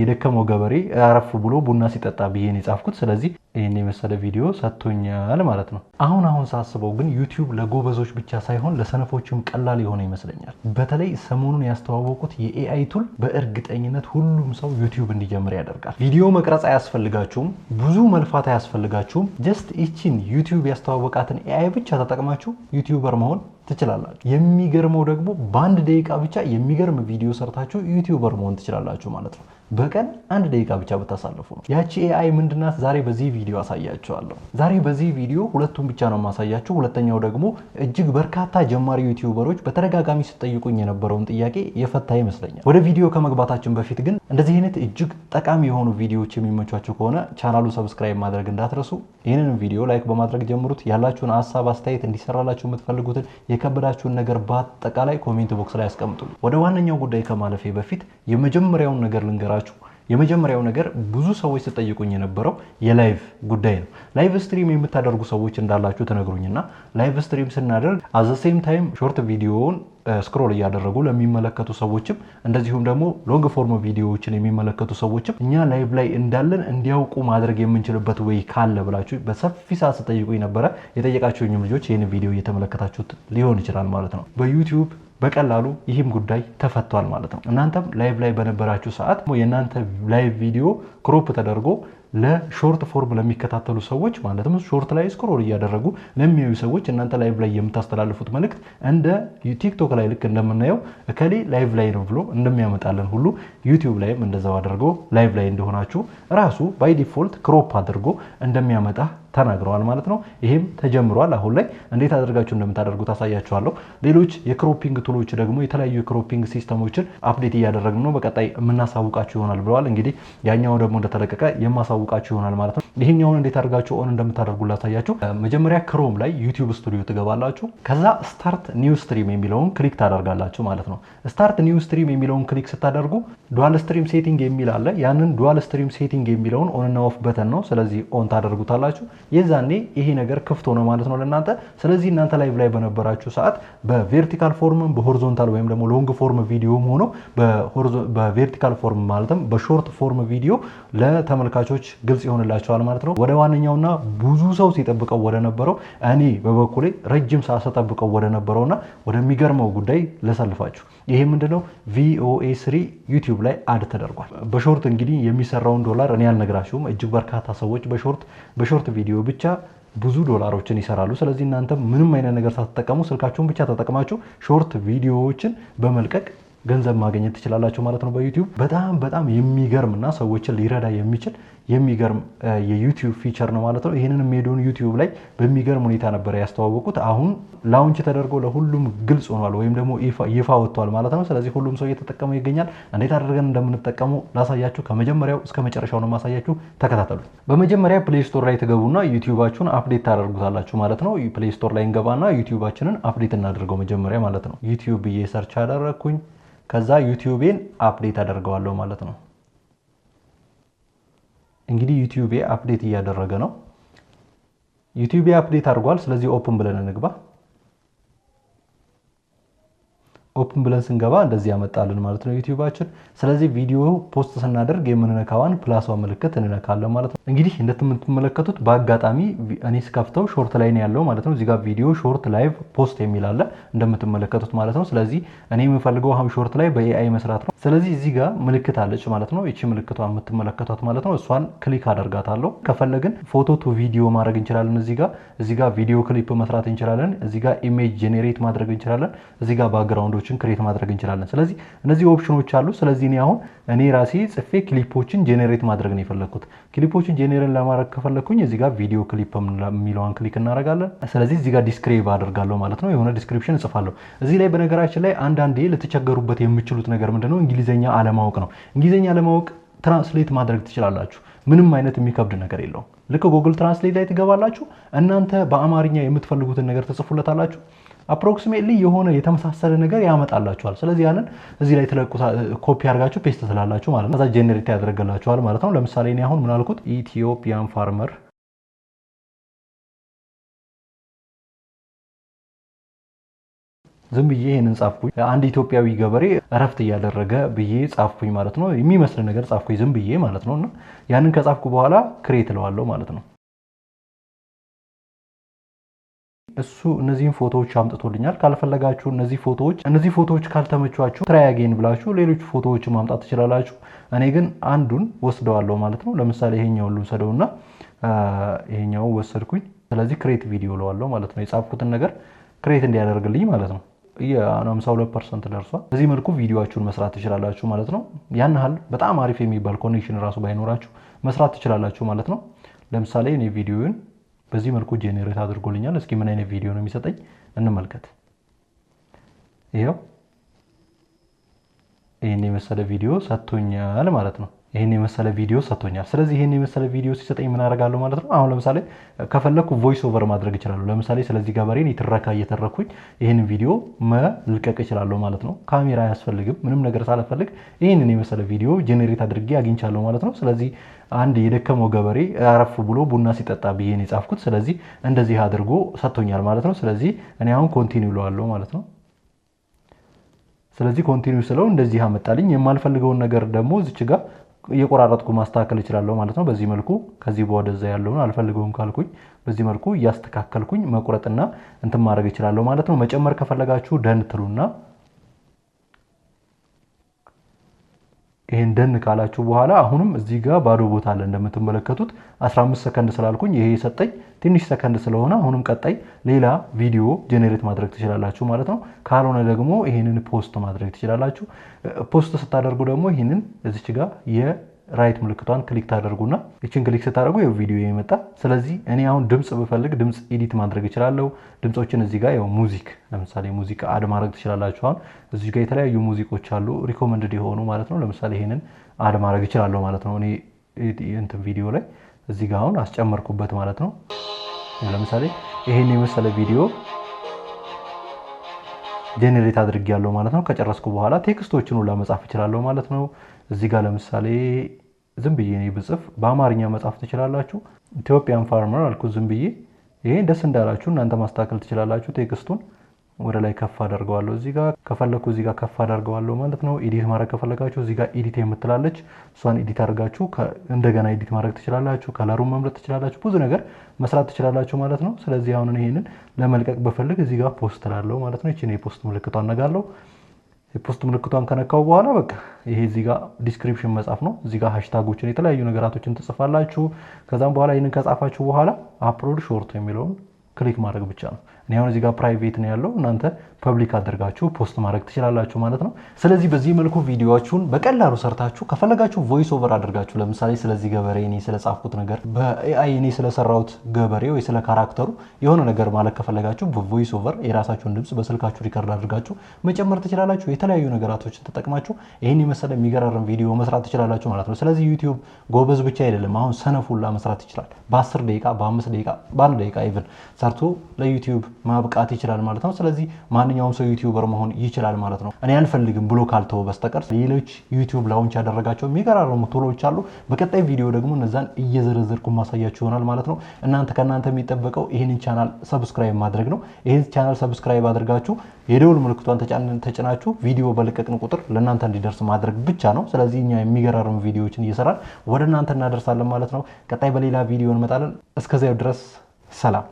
የደከመው ገበሬ አረፍ ብሎ ቡና ሲጠጣ ብዬን የጻፍኩት። ስለዚህ ይህን የመሰለ ቪዲዮ ሰጥቶኛል ማለት ነው። አሁን አሁን ሳስበው ግን ዩቲዩብ ለጎበዞች ብቻ ሳይሆን ለሰነፎችም ቀላል የሆነ ይመስለኛል። በተለይ ሰሞኑን ያስተዋወቁት የኤአይ ቱል በእርግጠኝነት ሁሉም ሰው ዩቲዩብ እንዲጀምር ያደርጋል። ቪዲዮ መቅረጽ አያስፈልጋችሁም፣ ብዙ መልፋት አያስፈልጋችሁም። ጀስት ይችን ዩቲዩብ ያስተዋወቃትን ኤአይ ብቻ ተጠቅማችሁ ዩቲዩበር መሆን ትችላላችሁ። የሚገርመው ደግሞ በአንድ ደቂቃ ብቻ የሚገርም ቪዲዮ ሰርታችሁ ዩቲዩበር መሆን ትችላላችሁ ማለት ነው። በቀን አንድ ደቂቃ ብቻ ብታሳልፉ ነው። ያቺ ኤአይ ምንድናት? ዛሬ በዚህ ቪዲዮ አሳያችኋለሁ። ዛሬ በዚህ ቪዲዮ ሁለቱን ብቻ ነው የማሳያችሁ። ሁለተኛው ደግሞ እጅግ በርካታ ጀማሪ ዩቲዩበሮች በተደጋጋሚ ስጠይቁኝ የነበረውን ጥያቄ የፈታ ይመስለኛል። ወደ ቪዲዮ ከመግባታችን በፊት ግን እንደዚህ አይነት እጅግ ጠቃሚ የሆኑ ቪዲዮዎች የሚመቿችሁ ከሆነ ቻናሉ ሰብስክራይብ ማድረግ እንዳትረሱ። ይህንን ቪዲዮ ላይክ በማድረግ ጀምሩት። ያላችሁን ሀሳብ አስተያየት፣ እንዲሰራላችሁ የምትፈልጉትን የከበዳችሁን ነገር በአጠቃላይ ኮሜንት ቦክስ ላይ ያስቀምጡ ወደ ዋነኛው ጉዳይ ከማለፌ በፊት የመጀመሪያውን ነገር ልንገራችሁ ልንገራችሁ። የመጀመሪያው ነገር ብዙ ሰዎች ስጠይቁኝ የነበረው የላይቭ ጉዳይ ነው። ላይቭ ስትሪም የምታደርጉ ሰዎች እንዳላችሁ ተነግሩኝና ላይቭ ስትሪም ስናደርግ አዘ ሴም ታይም ሾርት ቪዲዮውን ስክሮል እያደረጉ ለሚመለከቱ ሰዎችም እንደዚሁም ደግሞ ሎንግ ፎርም ቪዲዮዎችን የሚመለከቱ ሰዎችም እኛ ላይቭ ላይ እንዳለን እንዲያውቁ ማድረግ የምንችልበት ወይ ካለ ብላችሁ በሰፊ ሰዓት ስጠይቁኝ ነበረ። የጠየቃችሁኝም ልጆች ይህን ቪዲዮ እየተመለከታችሁት ሊሆን ይችላል ማለት ነው በዩቲዩብ በቀላሉ ይህም ጉዳይ ተፈቷል ማለት ነው። እናንተም ላይቭ ላይ በነበራችሁ ሰዓት የእናንተ ላይቭ ቪዲዮ ክሮፕ ተደርጎ ለሾርት ፎርም ለሚከታተሉ ሰዎች ማለትም ሾርት ላይ ስክሮል እያደረጉ ለሚያዩ ሰዎች እናንተ ላይቭ ላይ የምታስተላልፉት መልእክት እንደ ቲክቶክ ላይ ልክ እንደምናየው እከሌ ላይቭ ላይ ነው ብሎ እንደሚያመጣልን ሁሉ ዩቲዩብ ላይም እንደዛው አድርጎ ላይቭ ላይ እንደሆናችሁ ራሱ ባይ ዲፎልት ክሮፕ አድርጎ እንደሚያመጣ ተናግረዋል ማለት ነው። ይሄም ተጀምሯል። አሁን ላይ እንዴት አድርጋችሁ እንደምታደርጉ አሳያችኋለሁ። ሌሎች የክሮፒንግ ቱሎች ደግሞ የተለያዩ የክሮፒንግ ሲስተሞችን አፕዴት እያደረግን ነው፣ በቀጣይ የምናሳውቃችሁ ይሆናል ብለዋል። እንግዲህ ያኛው ደግሞ እንደተለቀቀ የማሳ የሚያሳውቃችሁ ይሆናል ማለት ነው። ይሄኛውን እንዴት አድርጋችሁ ኦን እንደምታደርጉ ላሳያችሁ። መጀመሪያ ክሮም ላይ ዩቲዩብ ስቱዲዮ ትገባላችሁ። ከዛ ስታርት ኒው ስትሪም የሚለውን ክሊክ ታደርጋላችሁ ማለት ነው። ስታርት ኒው ስትሪም የሚለውን ክሊክ ስታደርጉ ዱዋል ስትሪም ሴቲንግ የሚል አለ። ያንን ዱዋል ስትሪም ሴቲንግ የሚለውን ኦንና ኦፍ በተን ነው። ስለዚህ ኦን ታደርጉታላችሁ። የዛኔ ይሄ ነገር ክፍት ሆነ ማለት ነው ለእናንተ። ስለዚህ እናንተ ላይቭ ላይ በነበራችሁ ሰዓት በቬርቲካል ፎርምም በሆሪዞንታል ወይም ደግሞ ሎንግ ፎርም ቪዲዮም ሆኖ በቬርቲካል ፎርም ማለትም በሾርት ፎርም ቪዲዮ ለተመልካቾች ግልጽ ይሆንላቸዋል ማለት ነው። ወደ ዋነኛውና ብዙ ሰው ሲጠብቀው ወደ ነበረው እኔ በበኩሌ ረጅም ሰዓት ስጠብቀው ወደ ነበረውና ወደሚገርመው ጉዳይ ለሰልፋችሁ ይሄ ምንድነው? ቪኦኤ ስሪ ዩቲዩብ ላይ አድ ተደርጓል። በሾርት እንግዲህ የሚሰራውን ዶላር እኔ አልነግራችሁም። እጅግ በርካታ ሰዎች በሾርት በሾርት ቪዲዮ ብቻ ብዙ ዶላሮችን ይሰራሉ። ስለዚህ እናንተ ምንም አይነት ነገር ሳትጠቀሙ ስልካችሁን ብቻ ተጠቅማችሁ ሾርት ቪዲዮዎችን በመልቀቅ ገንዘብ ማግኘት ትችላላችሁ ማለት ነው በዩቲዩብ በጣም በጣም የሚገርምና ሰዎችን ሊረዳ የሚችል የሚገርም የዩቲዩብ ፊቸር ነው ማለት ነው። ይህንን ሜዶን ዩቲዩብ ላይ በሚገርም ሁኔታ ነበረ ያስተዋወቁት። አሁን ላውንች ተደርጎ ለሁሉም ግልጽ ሆኗል ወይም ደግሞ ይፋ ወጥቷል ማለት ነው። ስለዚህ ሁሉም ሰው እየተጠቀመው ይገኛል። እንዴት አድርገን እንደምንጠቀመው ላሳያችሁ፣ ከመጀመሪያው እስከ መጨረሻው ነው ማሳያችሁ። ተከታተሉት። በመጀመሪያ ፕሌይ ስቶር ላይ ትገቡና ዩቲዩባችሁን አፕዴት ታደርጉታላችሁ ማለት ነው። ፕሌይ ስቶር ላይ እንገባና ዩቲዩባችንን አፕዴት እናደርገው መጀመሪያ ማለት ነው። ዩቲዩብ ብዬ ሰርች አደረግኩኝ። ከዛ ዩቲዩቤን አፕዴት አደርገዋለሁ ማለት ነው። እንግዲህ ዩቲዩብ አፕዴት እያደረገ ነው። ዩቲዩብ አፕዴት አድርጓል። ስለዚህ ኦፕን ብለን እንግባ። ኦፕን ብለን ስንገባ እንደዚህ ያመጣልን ማለት ነው ዩቲዩባችን። ስለዚህ ቪዲዮ ፖስት ስናደርግ የምንነካዋን ፕላሷ ምልክት እንነካለን ማለት ነው። እንግዲህ እንደምትመለከቱት በአጋጣሚ እኔ ስከፍተው ሾርት ላይ ነው ያለው ማለት ነው። እዚጋ ቪዲዮ ሾርት ላይቭ ፖስት የሚል አለ እንደምትመለከቱት ማለት ነው። ስለዚህ እኔ የምፈልገው አሁን ሾርት ላይ በኤአይ መስራት ነው። ስለዚህ እዚህ ጋር ምልክት አለች ማለት ነው። ይቺ ምልክቷ የምትመለከቷት ማለት ነው። እሷን ክሊክ አደርጋታለሁ። ከፈለግን ፎቶ ቱ ቪዲዮ ማድረግ እንችላለን። እዚህ ጋር እዚህ ጋር ቪዲዮ ክሊፕ መስራት እንችላለን። እዚህ ጋር ኢሜጅ ጄኔሬት ማድረግ እንችላለን። እዚህ ጋር ባክግራውንዶችን ክሬት ማድረግ እንችላለን። ስለዚህ እነዚህ ኦፕሽኖች አሉ። ስለዚህ እኔ አሁን እኔ ራሴ ጽፌ ክሊፖችን ጄኔሬት ማድረግ ነው የፈለግኩት ክሊፖችን ኢንፎርሜሽን ጄኔሬት ለማድረግ ከፈለግኩኝ እዚህ ጋር ቪዲዮ ክሊፕ የሚለውን ክሊክ እናደርጋለን። ስለዚህ እዚህ ጋር ዲስክሪብ አደርጋለሁ ማለት ነው። የሆነ ዲስክሪፕሽን እጽፋለሁ። እዚህ ላይ በነገራችን ላይ አንዳንዴ ልትቸገሩበት የምችሉት ነገር ምንድነው እንግሊዝኛ አለማወቅ ነው። እንግሊዝኛ አለማወቅ ትራንስሌት ማድረግ ትችላላችሁ። ምንም አይነት የሚከብድ ነገር የለውም። ልክ ጉግል ትራንስሌት ላይ ትገባላችሁ። እናንተ በአማርኛ የምትፈልጉትን ነገር ትጽፉለታላችሁ። አፕሮክሲሜትሊ የሆነ የተመሳሰለ ነገር ያመጣላችኋል። ስለዚህ ያንን እዚህ ላይ ኮፒ አድርጋችሁ ፔስት ትላላችሁ ማለት ነው። ከዛ ጀኔሬት ያደረገላችኋል ማለት ነው። ለምሳሌ እኔ አሁን ምናልኩት ኢትዮጵያን ፋርመር ዝም ብዬ ይህንን ጻፍኩኝ። አንድ ኢትዮጵያዊ ገበሬ እረፍት እያደረገ ብዬ ጻፍኩኝ ማለት ነው። የሚመስል ነገር ጻፍኩኝ ዝም ብዬ ማለት ነው። እና ያንን ከጻፍኩ በኋላ ክሬት እለዋለሁ ማለት ነው። እሱ እነዚህን ፎቶዎች አምጥቶልኛል። ካልፈለጋችሁ እነዚህ ፎቶዎች እነዚህ ፎቶዎች ካልተመቿችሁ ትራያጌን ብላችሁ ሌሎች ፎቶዎች ማምጣት ትችላላችሁ። እኔ ግን አንዱን ወስደዋለሁ ማለት ነው። ለምሳሌ ይሄኛውን ልውሰደውና ይሄኛው ወሰድኩኝ። ስለዚህ ክሬት ቪዲዮ ለዋለሁ ማለት ነው። የጻፍኩትን ነገር ክሬት እንዲያደርግልኝ ማለት ነው። የ የ52 ፐርሰንት ደርሷል። በዚህ መልኩ ቪዲዮችሁን መስራት ትችላላችሁ ማለት ነው። ያን ያህል በጣም አሪፍ የሚባል ኮኔክሽን ራሱ ባይኖራችሁ መስራት ትችላላችሁ ማለት ነው። ለምሳሌ እኔ ቪዲዮውን በዚህ መልኩ ጄኔሬት አድርጎልኛል። እስኪ ምን አይነት ቪዲዮ ነው የሚሰጠኝ እንመልከት። ይኸው ይህን የመሰለ ቪዲዮ ሰጥቶኛል ማለት ነው። ይህን የመሰለ ቪዲዮ ሰጥቶኛል። ስለዚህ ይህን የመሰለ ቪዲዮ ሲሰጠኝ ምን አደርጋለሁ ማለት ነው። አሁን ለምሳሌ ከፈለግኩ ቮይስ ኦቨር ማድረግ እችላለሁ። ለምሳሌ ስለዚህ ገበሬን የትረካ እየተረኩኝ ይህን ቪዲዮ መልቀቅ እችላለሁ ማለት ነው። ካሜራ አያስፈልግም። ምንም ነገር ሳልፈልግ ይህንን የመሰለ ቪዲዮ ጄኔሬት አድርጌ አግኝቻለሁ ማለት ነው። ስለዚህ አንድ የደከመው ገበሬ አረፍ ብሎ ቡና ሲጠጣ ብዬን የጻፍኩት ስለዚህ እንደዚህ አድርጎ ሰጥቶኛል ማለት ነው። ስለዚህ እኔ አሁን ኮንቲኒው እለዋለሁ ማለት ነው። ስለዚህ ኮንቲኒው ስለው እንደዚህ አመጣልኝ። የማልፈልገውን ነገር ደግሞ እዚች ጋር እየቆራረጥኩ ማስተካከል እችላለሁ ማለት ነው። በዚህ መልኩ ከዚህ ወደዛ ያለውን አልፈልገውም ካልኩኝ በዚህ መልኩ እያስተካከልኩኝ መቁረጥና እንትን ማድረግ እችላለሁ ማለት ነው። መጨመር ከፈለጋችሁ ደን ትሉና ይሄን ደን ካላችሁ በኋላ አሁንም እዚህ ጋር ባዶ ቦታ አለ እንደምትመለከቱት 15 ሰከንድ ስላልኩኝ ይሄ የሰጠኝ ትንሽ ሰከንድ ስለሆነ አሁንም ቀጣይ ሌላ ቪዲዮ ጄኔሬት ማድረግ ትችላላችሁ ማለት ነው። ካልሆነ ደግሞ ይህንን ፖስት ማድረግ ትችላላችሁ። ፖስት ስታደርጉ ደግሞ ይህንን እዚች ጋር ራይት ምልክቷን ክሊክ ታደርጉና ይችን ክሊክ ስታደርጉ የው ቪዲዮ የመጣ ስለዚህ እኔ አሁን ድምፅ ብፈልግ ድምፅ ኤዲት ማድረግ እችላለሁ። ድምፆችን እዚህ ጋር ያው ሙዚክ ለምሳሌ ሙዚቃ አድ ማድረግ ትችላላችሁ። አሁን እዚህ ጋር የተለያዩ ሙዚቆች አሉ ሪኮመንድድ የሆኑ ማለት ነው። ለምሳሌ ይሄንን አድ ማድረግ እችላለሁ ማለት ነው። እኔ እንትን ቪዲዮ ላይ እዚህ ጋር አሁን አስጨመርኩበት ማለት ነው። ለምሳሌ ይሄን የመሰለ ቪዲዮ ጀኔሬት አድርግ ያለው ማለት ነው። ከጨረስኩ በኋላ ቴክስቶችን ሁላ መጻፍ እችላለሁ ማለት ነው። እዚህ ጋር ለምሳሌ ዝም ብዬ እኔ ብጽፍ በአማርኛ መጻፍ ትችላላችሁ። ኢትዮጵያን ፋርመር አልኩ ዝም ብዬ። ይሄ ደስ እንዳላችሁ እናንተ ማስተካከል ትችላላችሁ ቴክስቱን ወደ ላይ ከፍ አደርገዋለሁ እዚህ ጋር ከፈለግኩ እዚህ ጋር ከፍ አደርገዋለሁ ማለት ነው። ኤዲት ማድረግ ከፈለጋችሁ እዚህ ጋር ኤዲት የምትላለች እሷን ኤዲት አድርጋችሁ እንደገና ኤዲት ማድረግ ትችላላችሁ። ከለሩን መምረጥ ትችላላችሁ። ብዙ ነገር መስራት ትችላላችሁ ማለት ነው። ስለዚህ አሁን ይሄንን ለመልቀቅ በፈልግ እዚህ ጋር ፖስት ላለው ማለት ነው። ይችን የፖስት ምልክቷን አነጋለሁ። የፖስት ምልክቷን ከነካው በኋላ በቃ ይሄ እዚህ ጋር ዲስክሪፕሽን መጻፍ ነው። እዚህ ጋር ሃሽታጎችን የተለያዩ ነገራቶችን ትጽፋላችሁ። ከዛም በኋላ ይህንን ከጻፋችሁ በኋላ አፕሎድ ሾርት የሚለውን ክሊክ ማድረግ ብቻ ነው። እኔ አሁን እዚጋ ፕራይቬት ነው ያለው፣ እናንተ ፐብሊክ አድርጋችሁ ፖስት ማድረግ ትችላላችሁ ማለት ነው። ስለዚህ በዚህ መልኩ ቪዲዮችሁን በቀላሉ ሰርታችሁ ከፈለጋችሁ ቮይስ ኦቨር አድርጋችሁ ለምሳሌ ስለዚህ ገበሬ እኔ ስለጻፍኩት ነገር በኤአይ እኔ ስለሰራሁት ገበሬ ወይ ስለ ካራክተሩ የሆነ ነገር ማለት ከፈለጋችሁ በቮይስ ኦቨር የራሳችሁን ድምፅ በስልካችሁ ሪከርድ አድርጋችሁ መጨመር ትችላላችሁ። የተለያዩ ነገራቶችን ተጠቅማችሁ ይህን የመሰለ የሚገራርም ቪዲዮ መስራት ትችላላችሁ ማለት ነው። ስለዚህ ዩቲዩብ ጎበዝ ብቻ አይደለም፣ አሁን ሰነፉላ መስራት ይችላል። በ10 ደቂቃ፣ በአምስት ደቂቃ፣ በአንድ ደቂቃ ኢቭን ሰርቶ ለዩቲዩብ ማብቃት ይችላል ማለት ነው። ስለዚህ ማንኛውም ሰው ዩቲዩበር መሆን ይችላል ማለት ነው። እኔ አልፈልግም ብሎ ካልተው በስተቀር ሌሎች ዩቲዩብ ላውንች ያደረጋቸው የሚገራረሙ ቱሎች አሉ። በቀጣይ ቪዲዮ ደግሞ እነዛን እየዘረዘርኩ ማሳያችሁ ይሆናል ማለት ነው። እናንተ ከእናንተ የሚጠበቀው ይህንን ቻናል ሰብስክራይብ ማድረግ ነው። ይህን ቻናል ሰብስክራይብ አድርጋችሁ የደውል ምልክቷን ተጭናችሁ ቪዲዮ በለቀቅን ቁጥር ለእናንተ እንዲደርስ ማድረግ ብቻ ነው። ስለዚህ እኛ የሚገራርሙ ቪዲዮዎችን እየሰራን ወደ እናንተ እናደርሳለን ማለት ነው። ቀጣይ በሌላ ቪዲዮ እንመጣለን። እስከዚያው ድረስ ሰላም።